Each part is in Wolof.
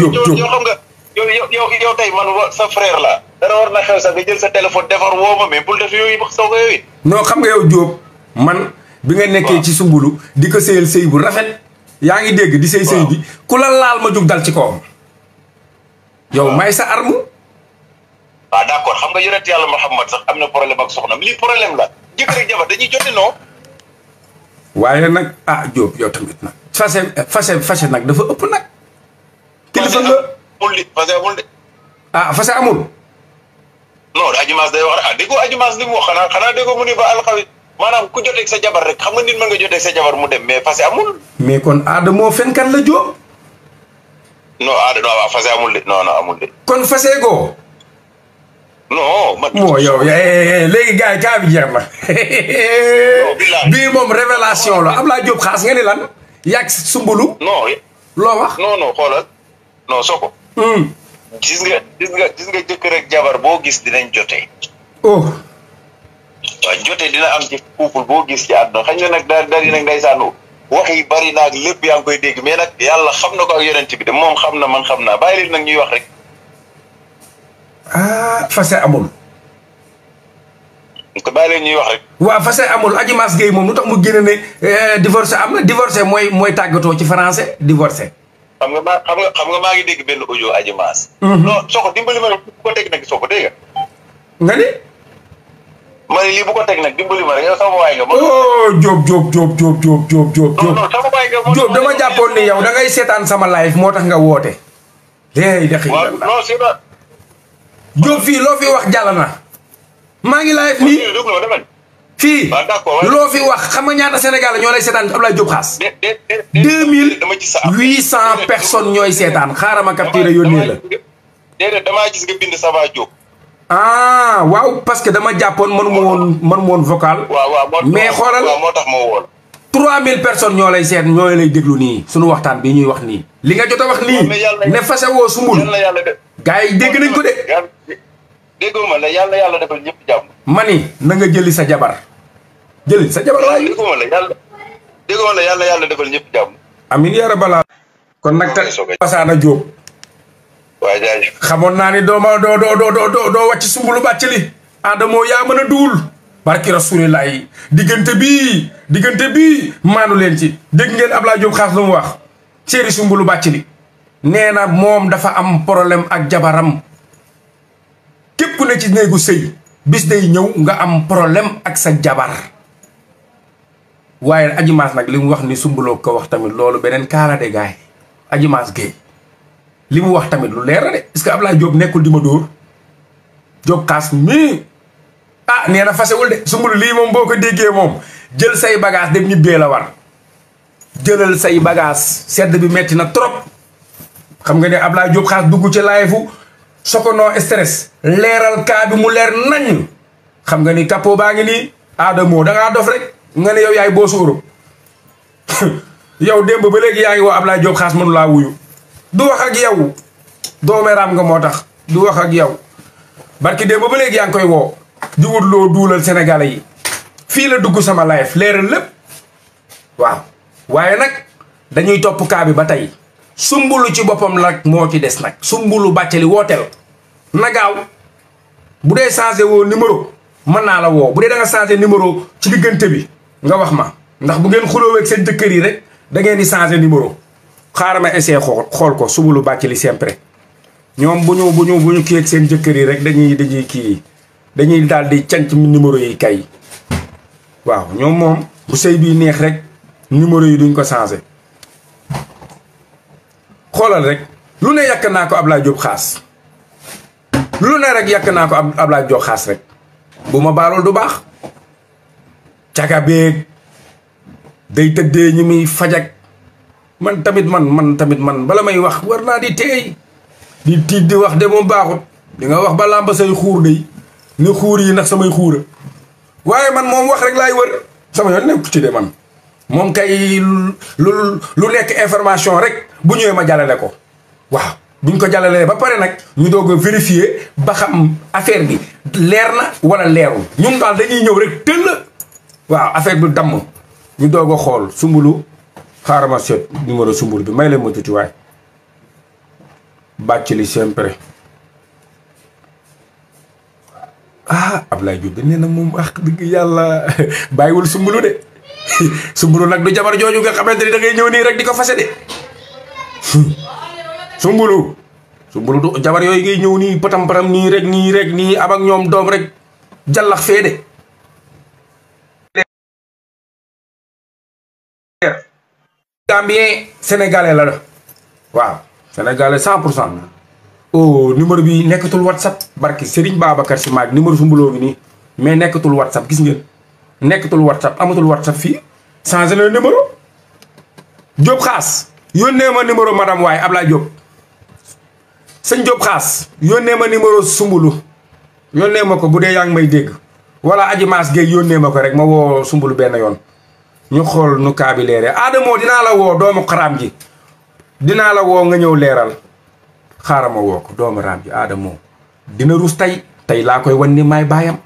Diop Diop yow xam nga yow yow yow tey man sa jël sa téléphone defar woo ma mais bul def yooyu wax soog a xam nga yow Diop man. bi nga nekkee ci sumbulu di ko sëyal sëy bu rafet. yaa ngi dégg di sëy sëy bi ku la laal ma jug dal ci kawam. yow may sa arme. waaw ah, d' xam nga yonent yàlla Muhammad sax am na problème ak soxnam lii problème la jëkkër ak jabar dañuy jote noo. waaye nag ah Diop yow tamit nag. fase fase nag dafa ëpp nag. kilifa nga fase amul de. ah fase amul. non Aji day wax ah déggoo Aji Mass li mu wax xanaa xanaa déggoo mu ni ba ku joteeg sa jabar rek xam nga nit mën nga joteeg sa jabar mu dem mais fase amul. mi kon aada moo fenkat la jóob. non aada non fase amul de non kon fase goo. non man. moo yow eh, eh, eh, léegi gars yi kaa bi jeex na. bii moom révélation la Ablaye Diop nga ni lan. yàgg sumbulu. non loo wax. non non xoolal. non soo ko. Hmm. gis nga gis nga gis nga jëkkër ak jabar boo gis dinañ jote oh. waaw jotee dina am ci couple boo gis ci àdduna xañ na nag daal daal di nag ndeysaan wax yi bari naag lépp yaa ngi koy dégg mais nag yàlla xam na ko ak yonent bi de moom xam na man xam na bàyyi leen nag ñuy wax rek. ah fase amul. ko bàyyi ñuy wax rek. waaw amul aji Mass moom lu tax mu génne ne eh, divorce am na divorce mooy mooy tàggatoo ci français divorce. xam nga maa xam nga xam nga maa ngi dégg benn audio Adji Mass. Mhm. non soo ko dimbali ma rek bu ko teg nag soo ko dégg nga. ma ne ko teg nag dimbali ma rek yow sama waay nga. oh Diop Diop Diop Diop Diop Diop dama jàppoon ni yow dangay seetaan sama live moo tax nga woote. day deqi la waaw non c'est fii loo fi wax jàll na. maa ngi live nii. fii loo fi wax xam nga ñaata Sénégal ñoo lay seetaan Abdoulaye Diop Xaas. deux mille huit cent personnes ñooy seetaan xaaral ma capturé yónnee damaa gis nga bind Sava ah, waaw parce que dama jàppoon man ma woon man ma woon vocal. mais xoolal moo tax moo woon. trois mille personnes ñoo lay seet ñoo lay déglu nii. suñu waxtaan bi ñuy wax nii. li nga jot a wax nii. ne fas woo sumbul. gars yi dégg nañ ko de. déggoo ma la yàlla yàlla defal ñëpp jàmm. ma ni na nga jëli sa jabar. jëli sa jabar laay. déggoo ma la yàlla yàlla yàlla ñëpp jàmm. amiin yaa rabbal kon nag te Masana a waaw xamoon naa ni doo ma doo doo doo doo doo wàcc sumbulu bàcc li. Adamo yaa mën a duul. barki rasulilaay diggante bii diggante bii maanu leen ci dégg ngeen Ablaye Diop xaas lu mu wax. Céri sumbulu bàcc li. nee na moom dafa am problème ak jabaram. képp ku ne ci néegu sëy bis day ñëw nga am problème ak sa jabar. waaye Adji Mass nag li mu wax ni Soumboulou ko wax tamit loolu beneen kaala de gaay Adji Mass li mu wax tamit lu leer la de est-ce que Ablaye Diop nekkul di ma dóor Diop kaas mii ah nee na fasewul de Soumboulou lii moom boo ko déggee moom jël say bagage dem ñibbee la war jëlal say bagaas sedd bi metti na trop xam nga ne Ablaye Diop xaas dugg ci live fu sokono stress leeral kaa bi mu leer nañ xam nga ni capot baa ngi nii aadamoo da ngaa dof rek nga ne yow yaay boo sóoro yow démb ba léegi yaa ngi woo Ablaye Diop xaas mënu laa wuyu du wax ak yow doomeeraam nga moo tax du wax ak yow barki démb ba léegi yaa ngi koy woo di wut loo duulal Sénégalais yi fii la dugg sama live leeral lépp waaw waaye nag dañuy topp kaa bi ba tey sumbulu ci boppam nag moo ci des nag sumbulu bàccali wooteel na gaaw bu dee changé woo numéro mën naa la woo bu dee da nga changé numéro ci diggante bi nga wax ma ndax bu ngeen xuloo ak seen jëkkër yi rek da ngeen di changé numéro xaaral ma essayé xool ko suba lu bàcc li sempre ñoom bu ñu bu ñu bu ñu kii ak seen jëkkër yi rek dañuy dañuy kii dañuy daal di canc numéro yi kay waaw ñoom moom bu sey bii neex rek numéro yi duñ ko changé xoolal rek lu ne yàkk naa ko Ablaye Diop xaas lu ne rek yàkk naa ko Ablaye Diop xaas rek bu ma baalool du baax. cagabeeg day tëddee ñi muy fajag man tamit man man tamit man bala may wax war naa di teey di tiit di wax de moom baaxut di nga wax ba làmb say xuur day ni xuur yi ndax samay xuura waaye man moom wax rek laay wër sama yoon nekk ci de man moom kay lu lu nekk information rek bu ñëwee ma jàllale ko waaw buñ ko jàllalee ba pare nag ñu doog a vérifier ba xam affaire bi leer na wala leerul ñun daal dañuy ñëw rek tëll waaw affaire bi damm ñu doog a xool sumbulu xaaral ma seet numéro sumbulu bi may leen ma tuuti waay bàcc li sempre ah ab lay de nee na moom wax dëgg yàlla bàyyiwul sumbulu de sumbulu nag du jabar jooju nga xamante ni da ngay ñëw nii rek di ko fase de sumbulu sumbulu du jabar yooyu ngay ñëw nii patam patam nii rek nii rek nii am ak ñoom doom rek jallax fee de. Gambien sénégalais la la waaw sénégalais cent pour cent oh numéro bi nekkatul whatsapp barki Serigne Babacar si maag numéro sumbuloo ngi nii mais nekkatul whatsapp gis ngeen nekkatul whatsapp amatul whatsapp fii changé na numéro Diop xaas yónnee ma numéro madame waaye Ablaye Diop sëñ Diop xaas yónnee ma numéro sumbulu yónnee ma ko bu dee yaa ngi may dégg wala aj maas géeg yónnee ma ko rek ma woo sumbulu benn yoon ñu xool nu kaa bi dinaa la woo doomu xaraam ji dinaa la woo nga ñëw leeral xaaral woo ko doomu raam ji Adamo dina ruus tey tey laa koy wan ni maay baayam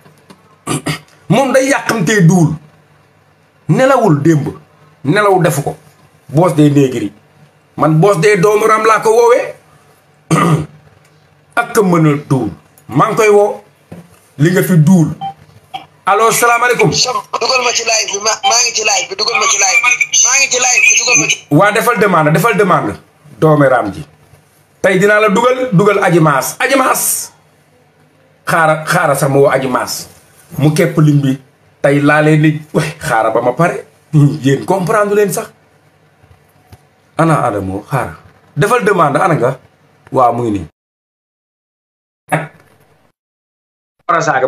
moom day yàqamtee duul nelawul démb nelaw defu ko boos dee néegri man boos dee doomu raam laa ko woowee ak ka mën a maa ngi koy woo li nga fi duul allo salaamaaleykum. dugal ma ci live bi ma maa ngi ci live bi dugal ma ci live waa defal demande defal demande. doomi ji. tey dinaa la dugal dugal aji maas aji maas. xaara xaara sax ma woo maas. mu képp lim bi tey laa leen di xaara ba ma pare. yéen comprendre leen sax. ana Adamo xaara. defal demande ana nga. waa mu ngi nii.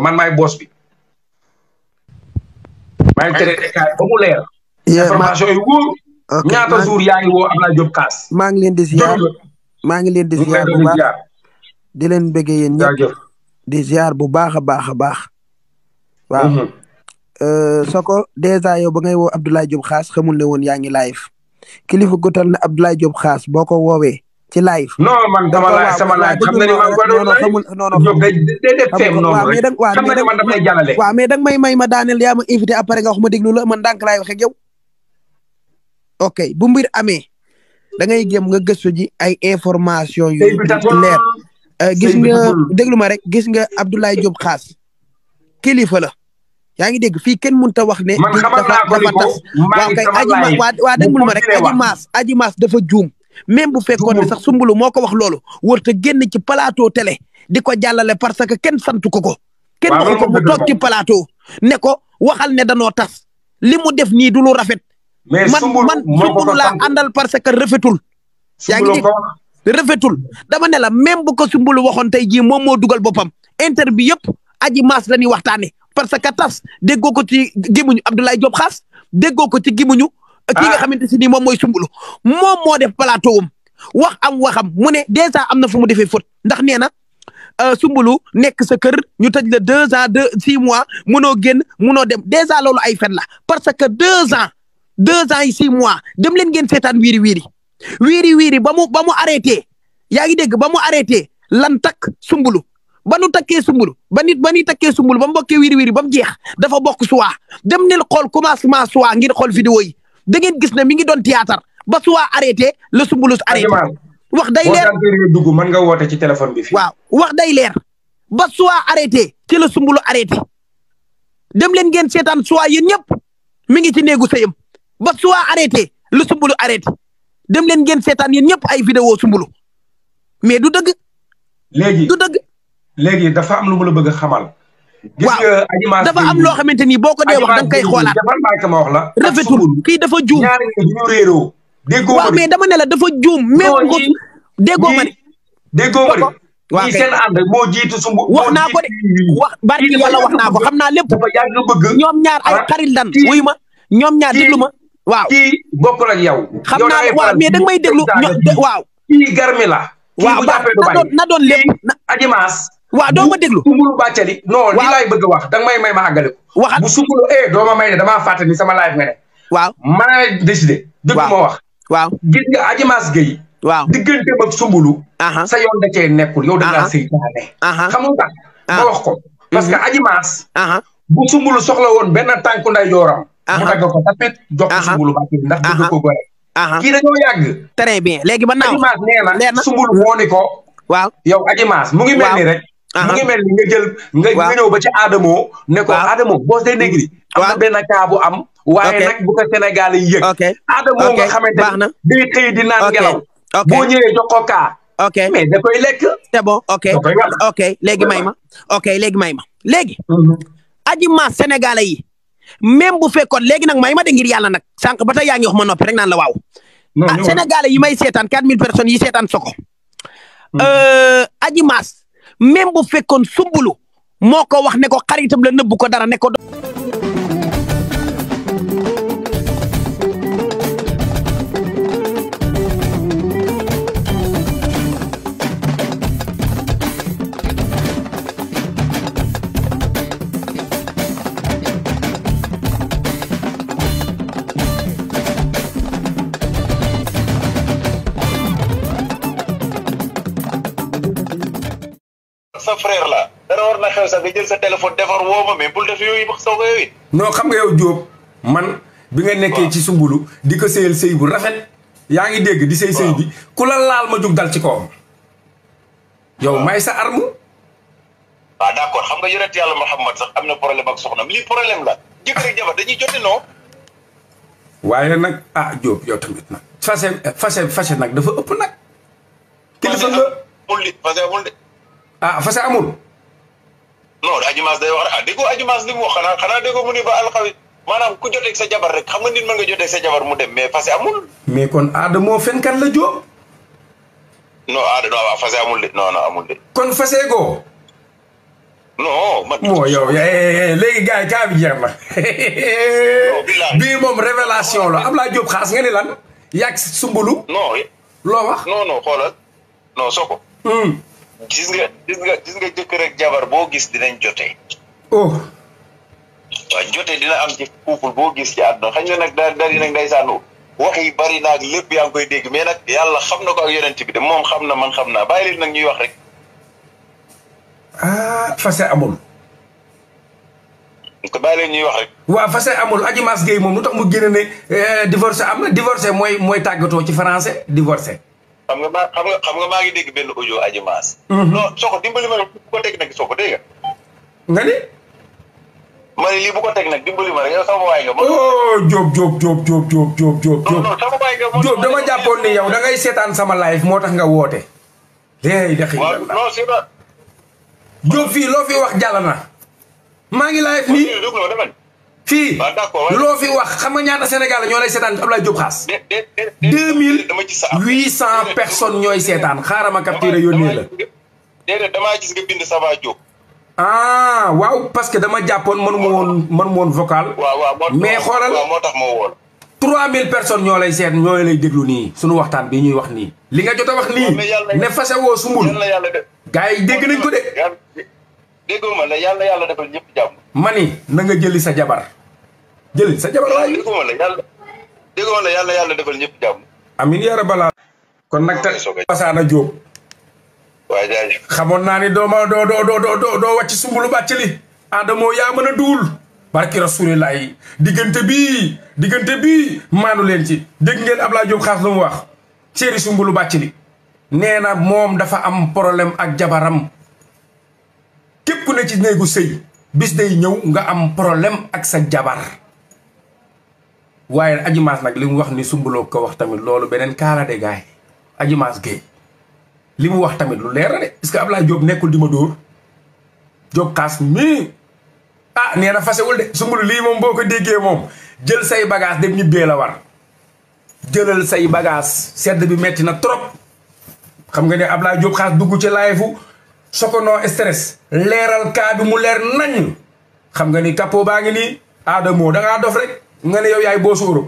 man maay boss bi. maa information yi wóor. ñaata jour yaa ngi woo Abdoulaye Diop Kaas. maa ngi leen di ziar maa ngi leen di ziar leen bëggee yéen ñëpp di ziar bu baax a baax a baax. waaw. Mm-hmm. Euh, Soko dèjà yow ba ngay woo Abdoulaye Diop Xaas xamul ne woon yaa ngi live kilifa gutal na Abdoulaye Xaas boo ko woowee ci live. non man dama sama laaj xam na danga may may ma daaneel yaa ma invité après wax ma déglu la man ndànk ok bu mbir amee da ngay gëm nga gëstu ji ay information yu euh, gis nga déglu ma rek gis nga Abdoulaye Diop xaas kilifa la. yaa ngi dégg fii kenn mënut wax ne. rek aji maas aji maas dafa juum. même bu fekkoon ne sax sumbulu moo ko wax loolu warut a génn ci plateau télé di ko jàllale parce que kenn santu ko ko. kenn waxu ko ne ko waxal ne danoo tas li mu def nii du lu rafet. man man sumbulu laa àndal parce que rafetul. yaa ngi rafetul dama ne la même bu ko sumbulu waxoon tey jii moom moo dugal boppam inter bi yëpp aji maas la ñuy waxtaane parce que tas déggoo ko ci gémuñu Abdoulaye Diop Xaas déggoo ko ci gémuñu ki nga ah. si nii moom mooy sumbulu moom moo def plateau am wax am waxam mu ne dèjà am na fu mu defee faute ndax nee na euh, sumbulu nekk sa kër ñu taj la deux ans deux six mois mënoo génn mënoo dem dèjà loolu ay fen la parce que deux ans deux ans yi six mois dem leen ngeen seetaan wiiri wiiri wiiri wiiri ba mu ba mu arrêté yaa ngi dégg ba mu arrêté lan takk sumbulu ba nu takkee sumbulu ba nit ba ni takkee sumbulu ba mu bokkee wiiri wiiri ba mu jeex dafa bokk suwaa dem leen xool commencement suwaa ngir xool vidéo yi da ngeen gis ne mi ngi doon théâtre ba suwaa arrêté la sumbulus arrêté wax day leer dugg mën nga woote ci téléphone bi waaw wax day leer ba suwaa arrêté ci la sumbulu arrêté dem leen ngeen seetaan suwaa yéen ñëpp mi ngi ci néegu sayam ba suwaa arrêté la sumbulu arrêté dem leen ngeen seetaan yéen ñëpp ay vidéo sumbulu mais du dëgg léegi dafa am lu mu la bëgg a xamal gis nga animation dafa am loo xamante ni boo ko dee wax da nga koy xoolaat. rafetul kii dafa juum. ñaari ñu réeroo. déggoo waaw mais dama ne la dafa juum. même ko déggoo ma ne. déggoo ma ne. waa seen ànd moo jiitu sumb. wax naa ko de wax barki yàlla wax naa ko xam naa lépp. ñoom ñaar ay ah, xarit lan. wuy ma ñoom ñaar déglu ma. waaw kii bokkul ak yow. xam naa waaw da nga may déglu ñoom waaw. kii la. waaw ba na doon na doon waaw doo ma déglu bu sumbulu bàccali non li laay bëgg wax da may may ma àggale ko waxal bu sumbulu eh doo ma may ne damaa fàtte ni sama live nga ne waaw maa wax waaw gis nga Adji Mass Gueye waaw digganteem ak sumbulu sa yoon da cee nekkul yow da ngaa ah. ma wax ko parce que mhm. Adji Mass bu sumbulu soxla woon benn tànku nday jooram mu dagg ko tapit jox ko sumbulu bàccali ndax dëgg ko gore kii dañoo yàgg très bien léegi ba naaw na sumbulu moo ni ko waaw yow Adji maas mu ngi mel rek Ah, mu ngi ah. mel ni nga jël. nga nga ñëw ba ci Adamo. ne ko Adamo Boss Day Negri. am na benn cas bu am. yi yëg. ok Adamo nga xamante ne day xëy di naan ngelaw. ok boo ñëwee jox ok mais da koy lekk. c'est ok ok may ma. ok léegi may ma léegi. Mhm. aji ma senegal yi. même bu fekkoon léegi nag may ma de ngir yàlla nag sànq ba tey yaa ngi wax ma noppi la waaw. ah Sénégalais yi may seetaan 4000 personnes yi seetaan Soko. Mhm. Euh, aji maas même bu fekkoon sumbulu moo ko wax ne ko xaritam la nëbbu ko dara ne ko. sa frère la dara war na xew sax nga jël sa téléphone defar woo ma mais bul def yooyu wax soog a yooyu. non xam nga yow Diop man. bi nga nekkee ci sumbulu di ko sëyal sëy bu rafet. yaa ngi dégg di sëy sëy bi ku la laal ma jug dal ci kawam. yow may sa arme. waaw d' accord xam nga yonent yàlla Muhammad xam am na problème ak soxna lii problème la jëkkër ak jabar dañuy jote noo. waaye nag ah Diop yow tamit nag. fase fase fase nag dafa ëpp nag. kilifa nga. ah fase amul. non Adjumas day wax ah déggoo Adjumas li mu xanaa xanaa déggoo mu ni ba alxawi maanaam ku joteeg sa jabar rek xam nga nit mën nga joteeg sa jabar mu dem mais fase amul. mais kon aada moo fenkat la jóob. non amul de de. kon fase goo. non man. moo yow eh, eh, eh, léegi gars yi kaa jeex na. bii moom révélation la Ablaye Diop xaas nga ni lan. yàgg sumbulu. non loo wax. non xoolal non soko. Hmm. gis nga gis nga gis nga jëkkër ak jabar boo gis dinañ jotee. oh. waaw jotee dina am ci couple boo gis ci àdduna xëy na nag daal daal di nag ndeysaan wax yi bari naag lépp yaa ngi koy dégg mais nag yàlla xam na ko ak yonent bi moom xam na man xam na bàyyi leen nag ñuy wax rek. ah fase amul. ko bàyyi leen ñuy wax rek. waaw fase amul aji Mass Gueye moom lu tax mu génne ne eh, divorce am na divorce mooy mooy tàggatoo ci français divorce. xam nga maa xam nga xam nga maa ngi dégg benn audio aji maas. Mhm. non soo ko dimbali ma rek ko teg nag soo ko dégg nga. ma ne ko teg nag dimbali ma rek yow sama waay nga. oh Diop Diop Diop Diop Diop Diop Diop. dama jàppoon ni yow dangay seetaan sama live moo tax nga woote. léegi deqi. waaw non si la. loo fi wax jàll maa ngi live nii. fii loo fi wax xam nga ñaata Sénégal ñoo lay seetaan Ablaye Diop Xaas. deux mille huit cent personnes ñooy seetaan xaaral ma capturé yónnee la. damaa gis nga bind Saba ah, waaw parce que dama jàppoon mënuma woon mënuma woon vocal. mais xoolal moo tax moo woon. trois mille personnes ñoo lay seet ñoo lay déglu nii. sunu waxtaan bi ñuy wax nii. li nga jot a wax nii ne fasawoo sumbul. gars yi dégg nañ ko de. déggoo yàlla yàlla defal ñëpp jàmm. mani na nga jëli sa jabar. jëli sa jabar waaye. yàlla yàlla yàlla ñëpp jàmm. amiin yaa rabbal kon nag te Masana Diop. xamoon naa ni doo ma doo doo doo doo doo wàcc sumbulu bàcc li. Adamo a duul. barki rasulilaay diggante bii diggante bii maanu leen ci dégg ngeen am Ablaye Diop xaas lu mu wax. Céri sumbulu bàcc li. nee moom dafa am problème ak jabaram. képp ku ne ci néegu sëy bis day ñëw nga am problème ak sa jabar waaye Adji Mass nag li mu wax ni sumbaloo ko wax tamit loolu beneen kaala de gaay Adji Mass li mu wax tamit lu leer la de parce que Ablaye Diop nekkul di ma dóor Diop kaas mii ah nee na fasewul de sumbalu lii moom boo ko déggee moom jël say bagage dem ñibbee la war jëlal say bagaas sedd bi metti na trop xam nga ne Ablaye Diop xaas dugg ci live Sokono stress leeral kaa bi mu leer nañ xam nga ni capot baa ngi nii Adamo da ngaa dof rek nga ne yow yaay boo sóoro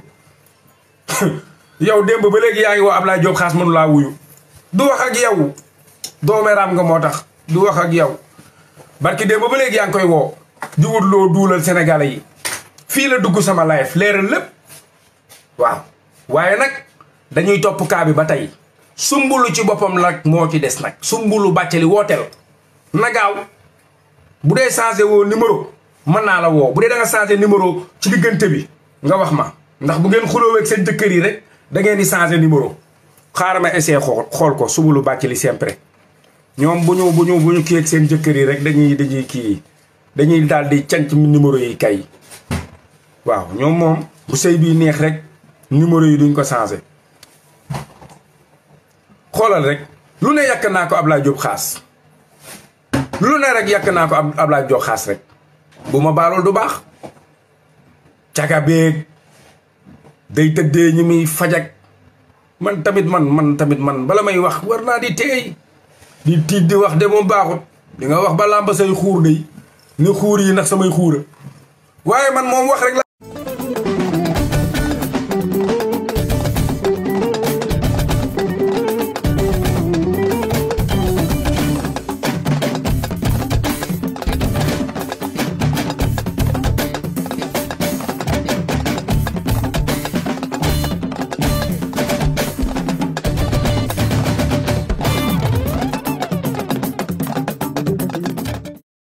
yow démb ba léegi yaay ngi woo laa Diop xaas mënu laa wuyu du wax ak yow doomeeraam nga moo tax du wax ak yow barki démb ba léegi yaa ngi koy woo di wut loo duulal Sénégalais yi fii la dugg sama live leeral lépp waaw waaye nag dañuy topp kaa bi ba tey sumbulu ci boppam lag moo ci des nag sumbulu li wooteel na gaaw bu dee changé woo numéro mën naa la woo bu dee da nga changé numéro ci diggante bi nga wax ma ndax bu ngeen xulóoweeg seen jëkkër yi rek da ngeen di changé numéro xaaral ma essayé xool xool ko sumbulu bàccali sempre ñoom bu ñu bu ñu bu ñu seen jëkkër yi rek dañuy dañuy kii dañuy daal di canc numéro yi kay waaw ñoom moom bu sëy bii neex rek numéro yi duñ ko changé xoolal rek lu ne yàkk naa ko Ablaye Diop xaas lu ne rek yàkk naa ko Ablaye Diop xaas rek bu ma baalool du baax caga beeg day tëddee ñi muy fajag man tamit man man tamit man bala may wax war naa di teey di tiit di wax de moom baaxut di nga wax ba làmb say xuur day ni xuur yi ndax samay xuura waaye man moom wax rek la